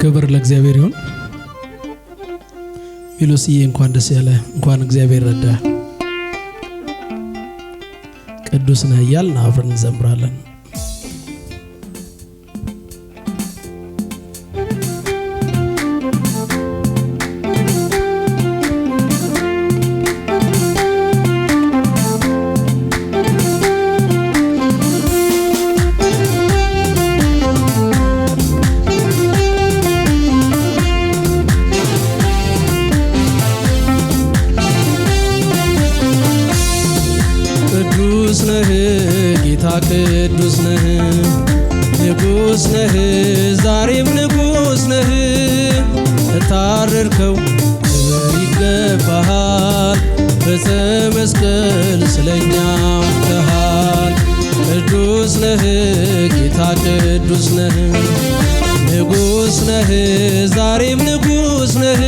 ክብር ለእግዚአብሔር ይሁን። ሚሎስዬ እንኳን ደስ ያለ፣ እንኳን እግዚአብሔር ረዳ። ቅዱስ ነህ እያልን አብረን እንዘምራለን። ፍቅርተ መስቀል ስለኛ ሙተሃል። ቅዱስ ነህ ጌታ ቅዱስ ነህ ንጉስ ነህ ዛሬም ንጉሥ ነህ።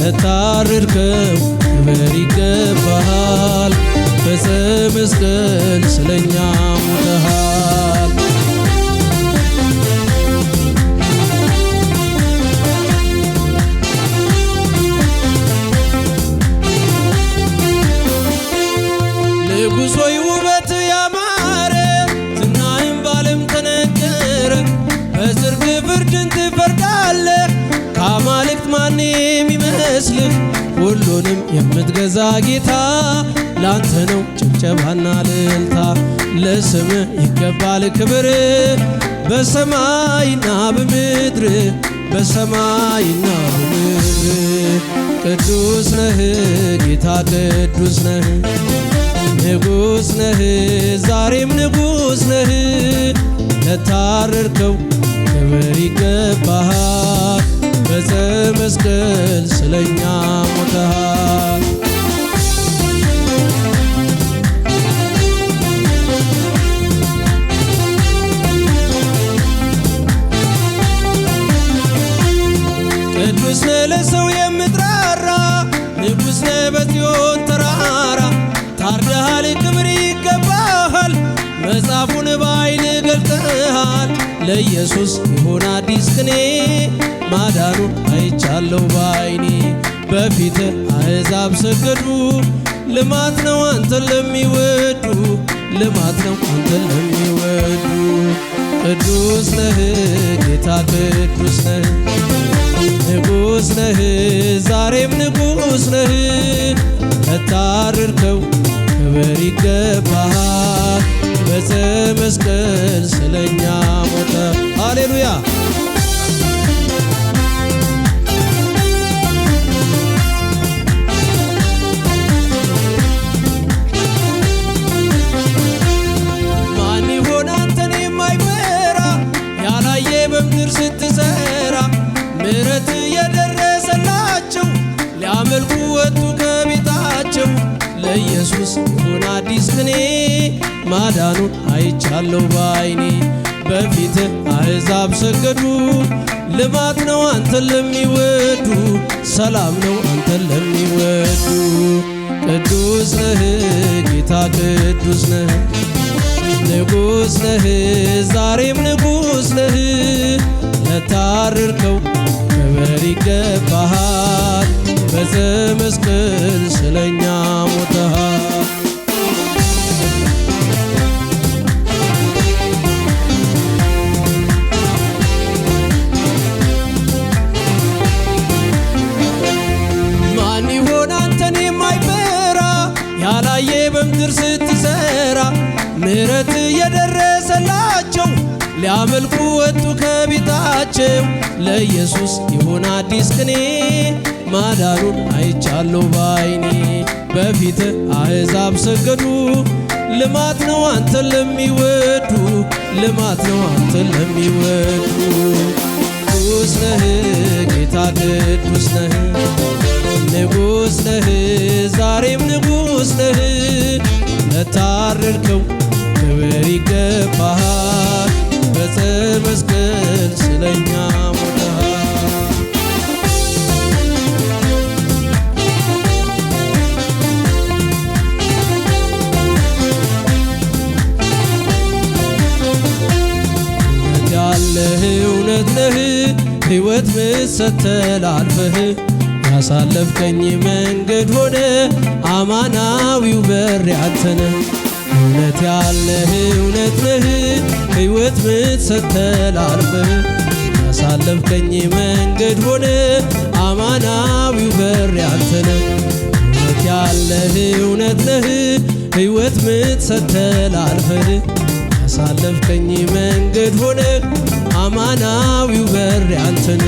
ለታረድከው ክብር ይገባሃል። ፍቅርተ መስቀል ስለኛ ማን የሚመስልህ ሁሉንም የምትገዛ ጌታ ላንተ ነው ጭብጨባና ልልታ ለስም ይገባል ክብር በሰማይና በምድር በሰማይና በምድር ቅዱስ ነህ ጌታ ቅዱስ ነህ ንጉስ ነህ ዛሬም ንጉሥ ነህ ለታረርከው ክብር ይገባሃል በዕፀ መስቀል ስለኛ ሞተሃል። ቅዱስ ነህ ለሰው የምትራራ ንጉሥ ነህ በጽዮን ተራራ። ታርደሃል፣ ክብር ይገባሃል፣ መጽሐፉን በኃይል ገልጠሃል። ለኢየሱስ ይሁን አዲስ ቅኔ ማዳኑ አይቻለው ባይኔ በፊት አሕዛብ ሰገዱ ልማት ነው አንተን ለሚወዱ ልማት ነው አንተን ለሚወዱ ቅዱስ ነህ ጌታ ቅዱስ ነህ ንጉስ ነህ ዛሬም ንጉስ ነህ ለታርርከው ክብር ይገባሃል በመስቀል ስለኛ ሞተ። ሃሌሉያ ማዳኑን አይቻለሁ ባይኔ በፊት አሕዛብ ሰገዱ። ልማት ነው አንተን ለሚወዱ፣ ሰላም ነው አንተን ለሚወዱ። ቅዱስ ነህ ጌታ ቅዱስ ነህ፣ ንጉስ ነህ ዛሬም ንጉሥ ነህ። ለታረርከው ክብር ይገባሃል፣ በመስቀል ስለኛ ሞተሃል። ምሕረት የደረሰላቸው ሊያመልኩ ወጡ ከቤታቸው ለኢየሱስ ይሁን አዲስ ቅኔ ማዳኑን አይቻለሁ ባይኔ በፊት አሕዛብ ሰገዱ ልማት ነው አንተን ለሚወዱ ልማት ነው አንተን ለሚወዱ ቅዱስ ነህ ጌታ ቅዱስ ነህ ንጉሥ ነህ ዛሬም ንጉሥ ነህ ለታረድከው ክብር ይገባሃል በዕፀ መስቀል ስለኛ ያለህ እውነት ነህ ሕይወት ምሰተል አልፈህ ያሳለፍከኝ መንገድ ሆነ አማናዊው በር ያንተነ እውነት ያለህ እውነት ነህ ህይወት ምትሰተላልብ ያሳለፍከኝ መንገድ ሆነ አማናዊው በር ያንተነ እውነት ያለህ እውነት ነህ ህይወት ምትሰተላልፍ ያሳለፍከኝ መንገድ ሆነ አማናዊው በር ያንተነ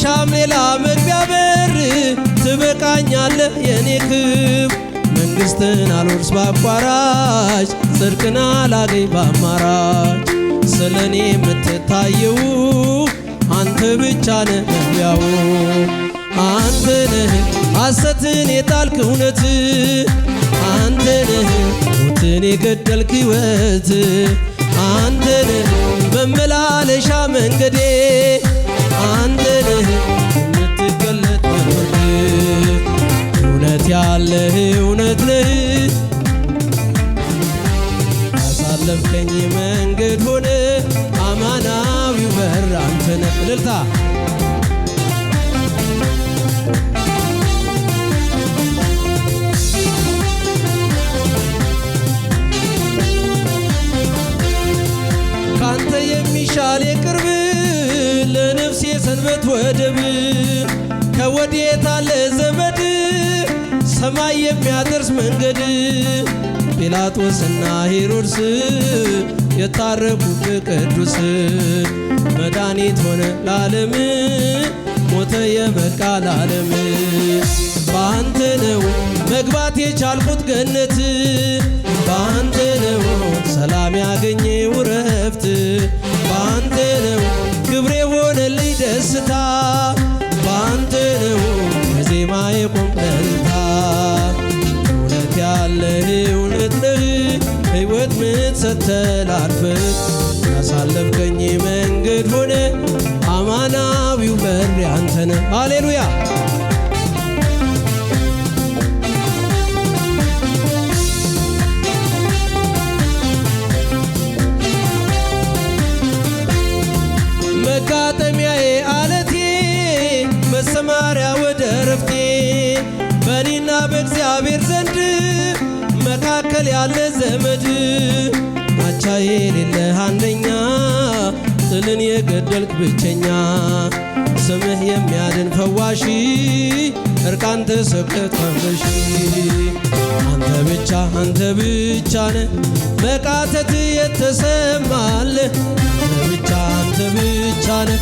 ሺሻም ሌላ ምድር ቢያበር ትበቃኛለህ የኔ ክብ መንግስትን አልወርስ ባቋራጭ ጽድቅን አላገኝ ባማራጭ ስለኔ የምትታየው አንተ ብቻ ነህ ያው አንተ ነህ ሐሰትን የጣልክ እውነት አንተ ነህ ሞትን የገደልክ ሕይወት አንተ ነህ መመላለሻ መንገዴ አንተ ነህ እውነት ያለህ እውነት ነህ። ያሳለፍከኝ መንገድ ሆነ አማናዊው በር አንተ ነህ። እልልታ ካንተ የሚሻል የቅርብ ለነፍሴ ሰንበት ወደብ ከወዴታ ለዘመድ ሰማይ የሚያደርስ መንገድ ጲላጦስና ሄሮድስ የታረቁብ ቅዱስ መድኃኒት ሆነ ለዓለም ሞተ የበቃ ለዓለም በአንተ ነው መግባት የቻልኩት ገነት በአንተ ነው ሰላም ያገኘ ውረፍት በአንተ ነው ክብሬ ሆነልኝ ደስታ በአንተ ነው በዜማ የቆምለልታ ያለ እውነት ነህ ሕይወት ምትሰጥ ያሳለፍከኝ መንገድ ሆነ አማናዊው በር አንተነ ሃሌሉያ። መካከል ያለ ዘመድ አቻ የሌለ አንደኛ ጥልን የገደልክ ብቸኛ ስምህ የሚያድን ፈዋሺ እርቃን ተሰብከ ተፈሺ አንተ ብቻ አንተ ብቻ ነ መቃተት የተሰማል አንተ ብቻ አንተ ብቻ ነ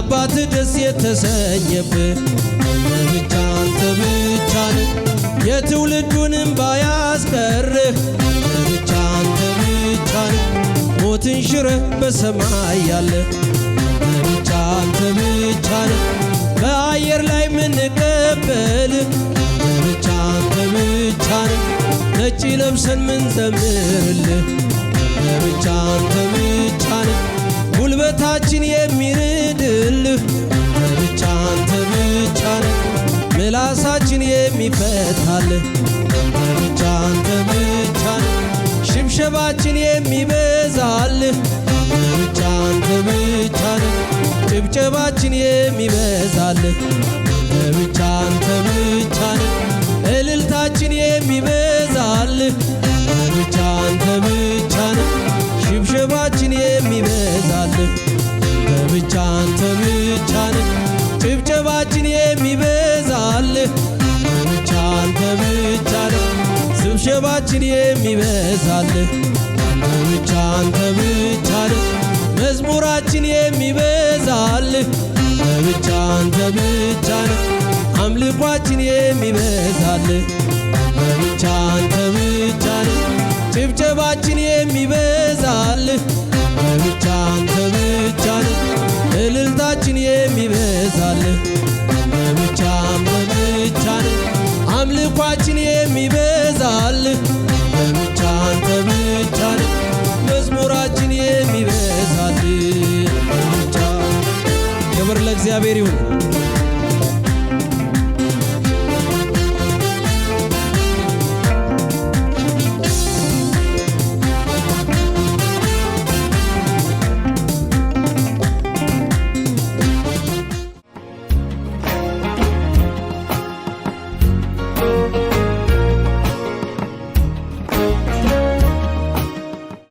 አባት ደስ የተሰኘብ አንተ ብቻ አንተ ብቻ ነ የትውልዱንም ባያስቀርህ ብቻ አንተ ብቻ ሞትን ሽረህ በሰማይ ያለ ብቻ አንተ ብቻ በአየር ላይ ምንቀበልህ ብቻ አንተ ብቻ ነጭ ለብሰን ምንዘምርልህ ብቻ አንተ ብቻ ጉልበታችን የሚርድልህ ችግሮችን የሚፈታል አንተ ብቻ ሽብሸባችን የሚበዛል ብቻ አንተ ብቻ ጭብጨባችን የሚበዛል ብቻ አንተ ብቻ እልልታችን የሚበ ምስጋናችን የሚበዛልህ አንተ ብቻ አንተ ብቻ መዝሙራችን የሚበዛል አንተ ብቻ አንተ ብቻ ነህ። አምልኳችን የሚበዛልህ አንተ ብቻ አንተ ብቻ ነህ። ጭብጨባችን የሚበዛል አንተ ብቻ አንተ ብቻ እልልታችን የሚበዛልህ haver um